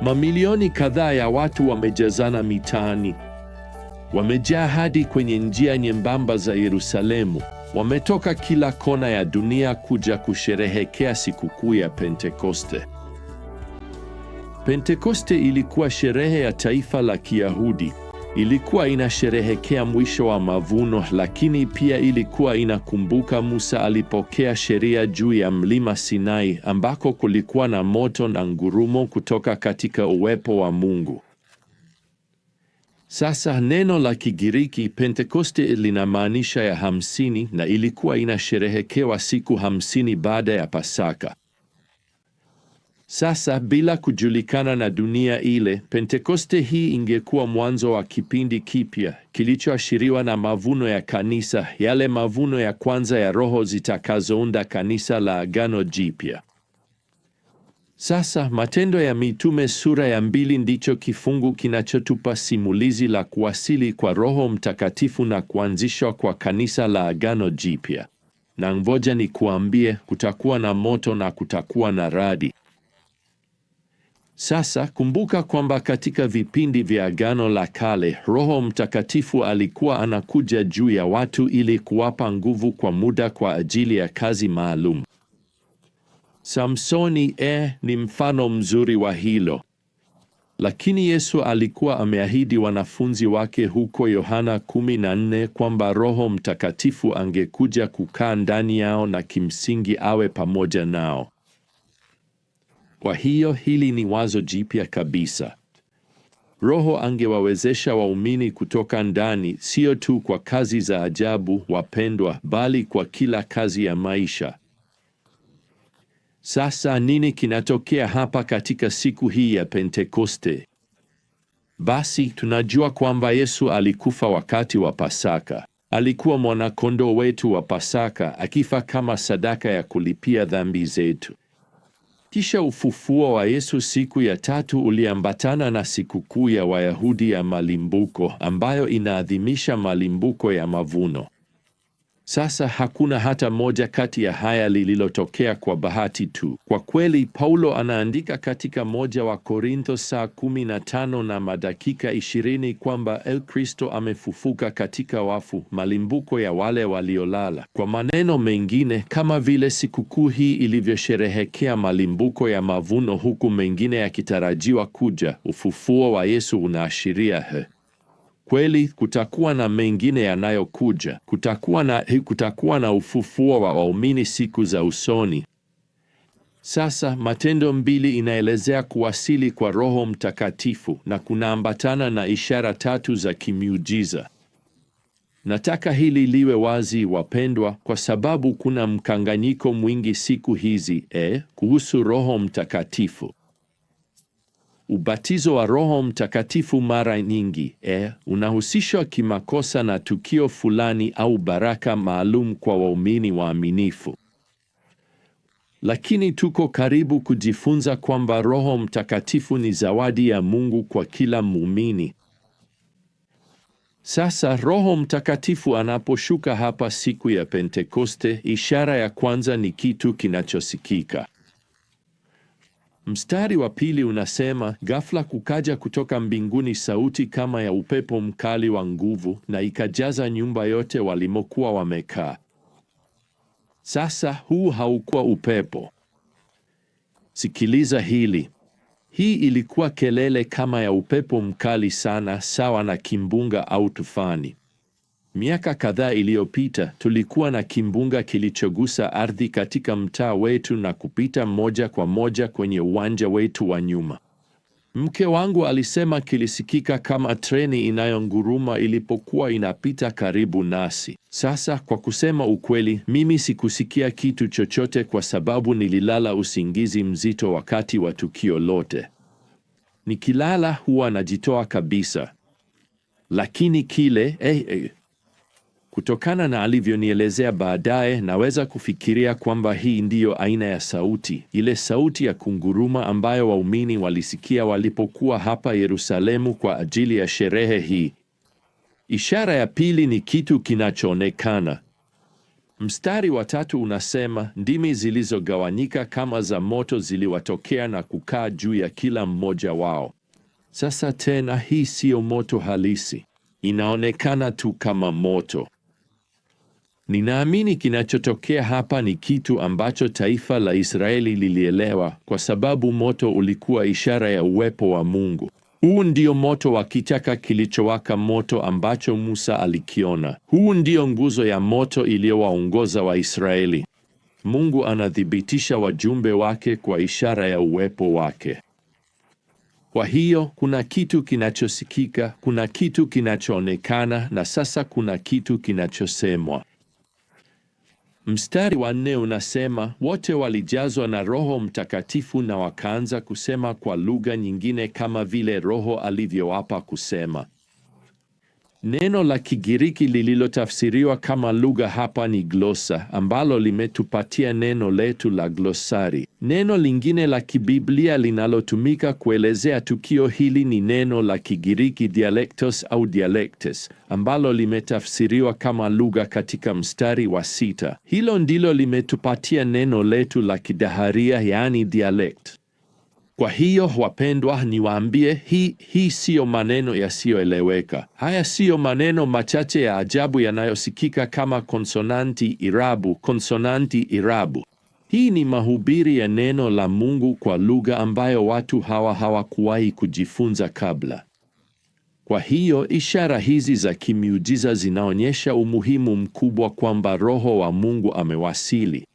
Mamilioni kadhaa ya watu wamejazana mitaani, wamejaa hadi kwenye njia nyembamba za Yerusalemu. Wametoka kila kona ya dunia kuja kusherehekea sikukuu ya Pentekoste. Pentekoste ilikuwa sherehe ya taifa la Kiyahudi ilikuwa inasherehekea mwisho wa mavuno, lakini pia ilikuwa inakumbuka Musa alipokea sheria juu ya mlima Sinai, ambako kulikuwa na moto na ngurumo kutoka katika uwepo wa Mungu. Sasa neno la Kigiriki Pentekoste linamaanisha ya hamsini, na ilikuwa inasherehekewa siku hamsini baada ya Pasaka. Sasa bila kujulikana na dunia ile, Pentekoste hii ingekuwa mwanzo wa kipindi kipya kilichoashiriwa na mavuno ya kanisa, yale mavuno ya kwanza ya roho zitakazounda kanisa la Agano Jipya. Sasa Matendo ya Mitume sura ya mbili ndicho kifungu kinachotupa simulizi la kuwasili kwa Roho Mtakatifu na kuanzishwa kwa kanisa la Agano Jipya. Na ngoja kuambie kutakuwa na moto na kutakuwa na radi. Sasa kumbuka kwamba katika vipindi vya Agano la Kale, Roho Mtakatifu alikuwa anakuja juu ya watu ili kuwapa nguvu kwa muda kwa ajili ya kazi maalum. Samsoni eh, ni mfano mzuri wa hilo. Lakini Yesu alikuwa ameahidi wanafunzi wake huko Yohana 14 kwamba Roho Mtakatifu angekuja kukaa ndani yao na kimsingi awe pamoja nao. Kwa hiyo hili ni wazo jipya kabisa. Roho angewawezesha waumini kutoka ndani, sio tu kwa kazi za ajabu, wapendwa, bali kwa kila kazi ya maisha. Sasa nini kinatokea hapa katika siku hii ya Pentekoste? Basi tunajua kwamba Yesu alikufa wakati wa Pasaka. Alikuwa mwanakondoo wetu wa Pasaka, akifa kama sadaka ya kulipia dhambi zetu. Kisha ufufuo wa Yesu siku ya tatu uliambatana na sikukuu ya Wayahudi ya malimbuko ambayo inaadhimisha malimbuko ya mavuno. Sasa hakuna hata moja kati ya haya lililotokea kwa bahati tu. Kwa kweli, Paulo anaandika katika moja wa Korintho saa 15 na madakika 20 kwamba el Kristo amefufuka katika wafu, malimbuko ya wale waliolala. Kwa maneno mengine, kama vile sikukuu hii ilivyosherehekea malimbuko ya mavuno, huku mengine yakitarajiwa kuja, ufufuo wa Yesu unaashiria he Kweli kutakuwa na mengine yanayokuja. Kutakuwa na, kutakuwa na ufufuo wa waumini siku za usoni. Sasa Matendo mbili inaelezea kuwasili kwa Roho Mtakatifu na kunaambatana na ishara tatu za kimiujiza. Nataka hili liwe wazi wapendwa, kwa sababu kuna mkanganyiko mwingi siku hizi eh, kuhusu Roho Mtakatifu. Ubatizo wa Roho Mtakatifu mara nyingi e, unahusishwa kimakosa na tukio fulani au baraka maalum kwa waumini waaminifu. Lakini tuko karibu kujifunza kwamba Roho Mtakatifu ni zawadi ya Mungu kwa kila muumini. Sasa Roho Mtakatifu anaposhuka hapa siku ya Pentekoste, ishara ya kwanza ni kitu kinachosikika. Mstari wa pili unasema, ghafla kukaja kutoka mbinguni sauti kama ya upepo mkali wa nguvu, na ikajaza nyumba yote walimokuwa wamekaa. Sasa huu haukuwa upepo. Sikiliza hili. Hii ilikuwa kelele kama ya upepo mkali sana, sawa na kimbunga au tufani. Miaka kadhaa iliyopita tulikuwa na kimbunga kilichogusa ardhi katika mtaa wetu na kupita moja kwa moja kwenye uwanja wetu wa nyuma. Mke wangu alisema kilisikika kama treni inayonguruma ilipokuwa inapita karibu nasi. Sasa kwa kusema ukweli, mimi sikusikia kitu chochote kwa sababu nililala usingizi mzito wakati wa tukio lote. Nikilala huwa najitoa kabisa. Lakini kile eh, eh, Kutokana na alivyonielezea baadaye, naweza kufikiria kwamba hii ndiyo aina ya sauti, ile sauti ya kunguruma ambayo waumini walisikia walipokuwa hapa Yerusalemu kwa ajili ya sherehe hii. Ishara ya pili ni kitu kinachoonekana. Mstari wa tatu unasema, ndimi zilizogawanyika kama za moto ziliwatokea na kukaa juu ya kila mmoja wao. Sasa tena, hii siyo moto halisi, inaonekana tu kama moto. Ninaamini kinachotokea hapa ni kitu ambacho taifa la Israeli lilielewa kwa sababu moto ulikuwa ishara ya uwepo wa Mungu. Huu ndio moto wa kichaka kilichowaka moto ambacho Musa alikiona. Huu ndio nguzo ya moto iliyowaongoza Waisraeli. Mungu anathibitisha wajumbe wake kwa ishara ya uwepo wake. Kwa hiyo kuna kitu kinachosikika, kuna kitu kinachoonekana na sasa kuna kitu kinachosemwa. Mstari wa nne unasema wote walijazwa na Roho Mtakatifu na wakaanza kusema kwa lugha nyingine kama vile Roho alivyowapa kusema. Neno la Kigiriki lililotafsiriwa kama lugha hapa ni glosa, ambalo limetupatia neno letu la glosari. Neno lingine la kibiblia linalotumika kuelezea tukio hili ni neno la Kigiriki dialectos au dialectes, ambalo limetafsiriwa kama lugha katika mstari wa sita. Hilo ndilo limetupatia neno letu la Kidaharia, yaani dialect. Kwa hiyo wapendwa, niwaambie hii hii siyo maneno yasiyoeleweka. Haya siyo maneno machache ya ajabu yanayosikika kama konsonanti irabu, konsonanti irabu. Hii ni mahubiri ya neno la Mungu kwa lugha ambayo watu hawa hawakuwahi kujifunza kabla. Kwa hiyo ishara hizi za kimiujiza zinaonyesha umuhimu mkubwa kwamba Roho wa Mungu amewasili.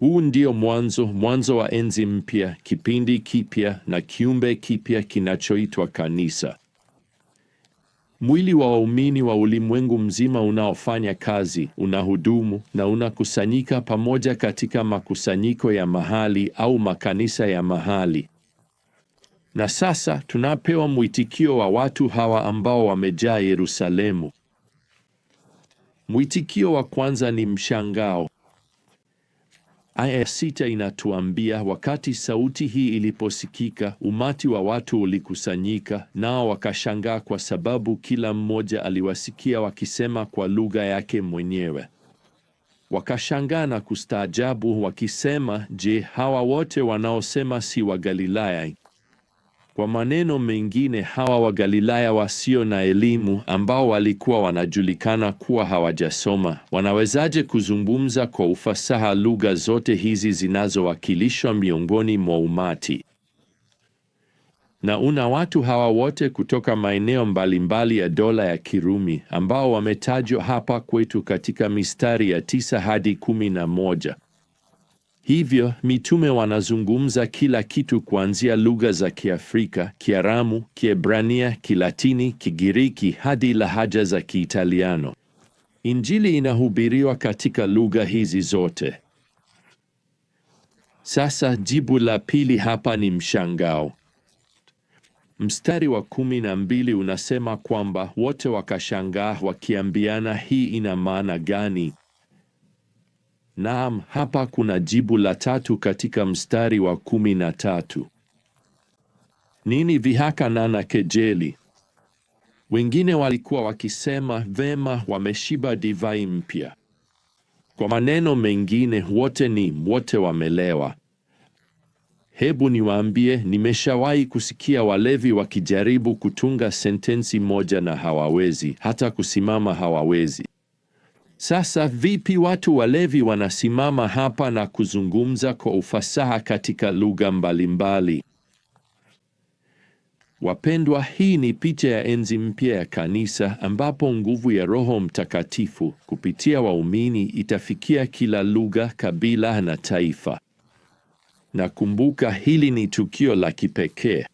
Huu ndio mwanzo, mwanzo wa enzi mpya, kipindi kipya na kiumbe kipya kinachoitwa kanisa. Mwili wa waumini wa ulimwengu mzima unaofanya kazi, unahudumu na unakusanyika pamoja katika makusanyiko ya mahali au makanisa ya mahali. Na sasa tunapewa mwitikio wa watu hawa ambao wamejaa Yerusalemu. Mwitikio wa kwanza ni mshangao aya inatuambia wakati sauti hii iliposikika, umati wa watu ulikusanyika, nao wakashangaa kwa sababu kila mmoja aliwasikia wakisema kwa lugha yake mwenyewe. Wakashangaa na kustaajabu wakisema, je, hawa wote wanaosema si wa Galilaya? Kwa maneno mengine, hawa Wagalilaya wasio na elimu ambao walikuwa wanajulikana kuwa hawajasoma, wanawezaje kuzungumza kwa ufasaha lugha zote hizi zinazowakilishwa miongoni mwa umati? Na una watu hawa wote kutoka maeneo mbalimbali ya dola ya Kirumi ambao wametajwa hapa kwetu katika mistari ya tisa hadi kumi na moja. Hivyo mitume wanazungumza kila kitu kuanzia lugha za Kiafrika, Kiaramu, Kiebrania, Kilatini, Kigiriki hadi lahaja za Kiitaliano. Injili inahubiriwa katika lugha hizi zote. Sasa jibu la pili hapa ni mshangao. Mstari wa kumi na mbili unasema kwamba wote wakashangaa wakiambiana, hii ina maana gani? Naam, hapa kuna jibu la tatu katika mstari wa kumi na tatu. Nini vihaka nana kejeli? Wengine walikuwa wakisema vema, wameshiba divai mpya. Kwa maneno mengine, wote ni wote wamelewa. Hebu niwaambie, nimeshawahi kusikia walevi wakijaribu kutunga sentensi moja na hawawezi, hata kusimama hawawezi. Sasa vipi watu walevi wanasimama hapa na kuzungumza kwa ufasaha katika lugha mbalimbali? Wapendwa, hii ni picha ya enzi mpya ya kanisa ambapo nguvu ya Roho Mtakatifu kupitia waumini itafikia kila lugha, kabila na taifa. Nakumbuka hili ni tukio la kipekee.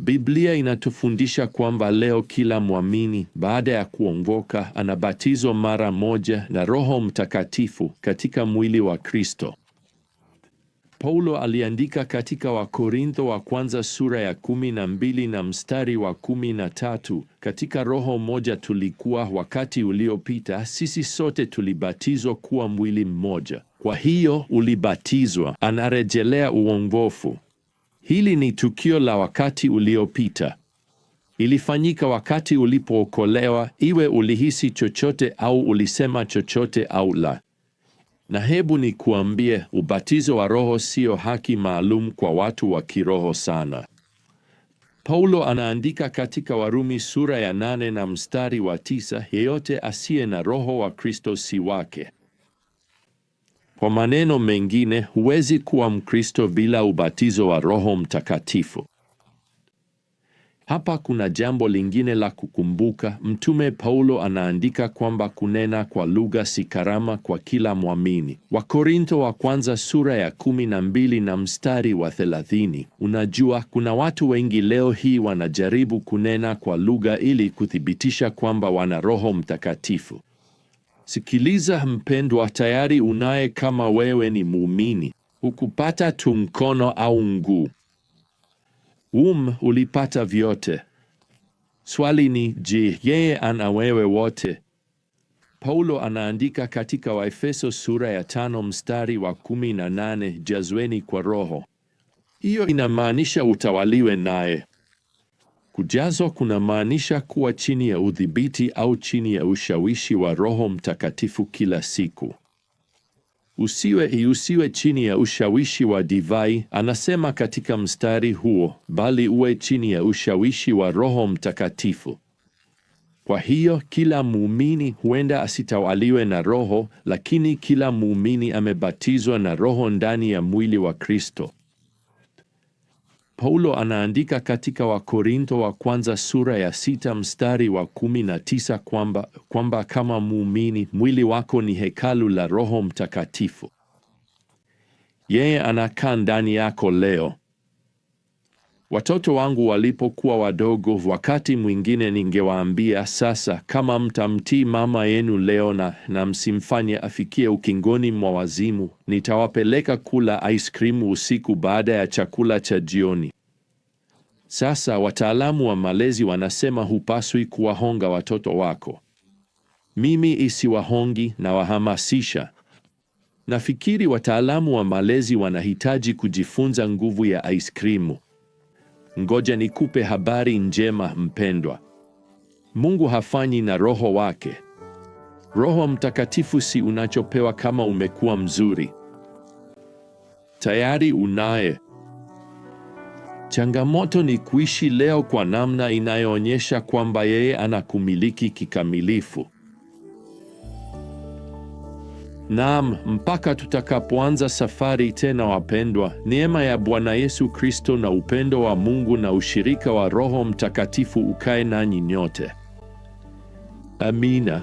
Biblia inatufundisha kwamba leo kila mwamini baada ya kuongoka anabatizwa mara moja na Roho Mtakatifu katika mwili wa Kristo. Paulo aliandika katika Wakorintho wa kwanza sura ya kumi na mbili na mstari wa kumi na tatu katika roho moja tulikuwa wakati uliopita sisi sote tulibatizwa kuwa mwili mmoja, kwa hiyo ulibatizwa, anarejelea uongofu Hili ni tukio la wakati uliopita. Ilifanyika wakati ulipookolewa, iwe ulihisi chochote au ulisema chochote au la. Na hebu nikuambie, ubatizo wa Roho sio haki maalum kwa watu wa kiroho sana. Paulo anaandika katika Warumi sura ya nane na mstari wa tisa, yeyote asiye na Roho wa Kristo si wake. Kwa maneno mengine, huwezi kuwa Mkristo bila ubatizo wa Roho Mtakatifu. Hapa kuna jambo lingine la kukumbuka. Mtume Paulo anaandika kwamba kunena kwa lugha si karama kwa kila mwamini. Wakorintho wa kwanza sura ya kumi na mbili na mstari wa thelathini. Unajua, kuna watu wengi leo hii wanajaribu kunena kwa lugha ili kuthibitisha kwamba wana Roho Mtakatifu. Sikiliza mpendwa, tayari unaye, kama wewe ni muumini, hukupata tu mkono au mguu. Um, ulipata vyote. Swali ni je, yeye ana wewe wote? Paulo anaandika katika Waefeso sura ya tano mstari wa kumi na nane jazweni kwa Roho. Hiyo inamaanisha utawaliwe naye. Kujazwa kunamaanisha kuwa chini ya udhibiti au chini ya ushawishi wa Roho Mtakatifu kila siku. Usiwe iusiwe chini ya ushawishi wa divai, anasema katika mstari huo, bali uwe chini ya ushawishi wa Roho Mtakatifu. Kwa hiyo kila muumini huenda asitawaliwe na roho, lakini kila muumini amebatizwa na roho ndani ya mwili wa Kristo. Paulo anaandika katika Wakorinto wa kwanza sura ya sita mstari wa kumi na tisa kwamba kwamba kama muumini mwili wako ni hekalu la Roho Mtakatifu, yeye anakaa ndani yako leo Watoto wangu walipokuwa wadogo, wakati mwingine ningewaambia, sasa kama mtamtii mama yenu leo na na msimfanye afikie ukingoni mwa wazimu, nitawapeleka kula ice cream usiku baada ya chakula cha jioni. Sasa wataalamu wa malezi wanasema hupaswi kuwahonga watoto wako. Mimi isiwahongi na wahamasisha. Nafikiri wataalamu wa malezi wanahitaji kujifunza nguvu ya ice cream. Ngoja nikupe habari njema mpendwa. Mungu hafanyi na roho wake. Roho Mtakatifu si unachopewa kama umekuwa mzuri. Tayari unaye. Changamoto ni kuishi leo kwa namna inayoonyesha kwamba yeye anakumiliki kikamilifu. Naam, mpaka tutakapoanza safari tena, wapendwa, neema ya Bwana Yesu Kristo na upendo wa Mungu na ushirika wa Roho Mtakatifu ukae nanyi nyote. Amina.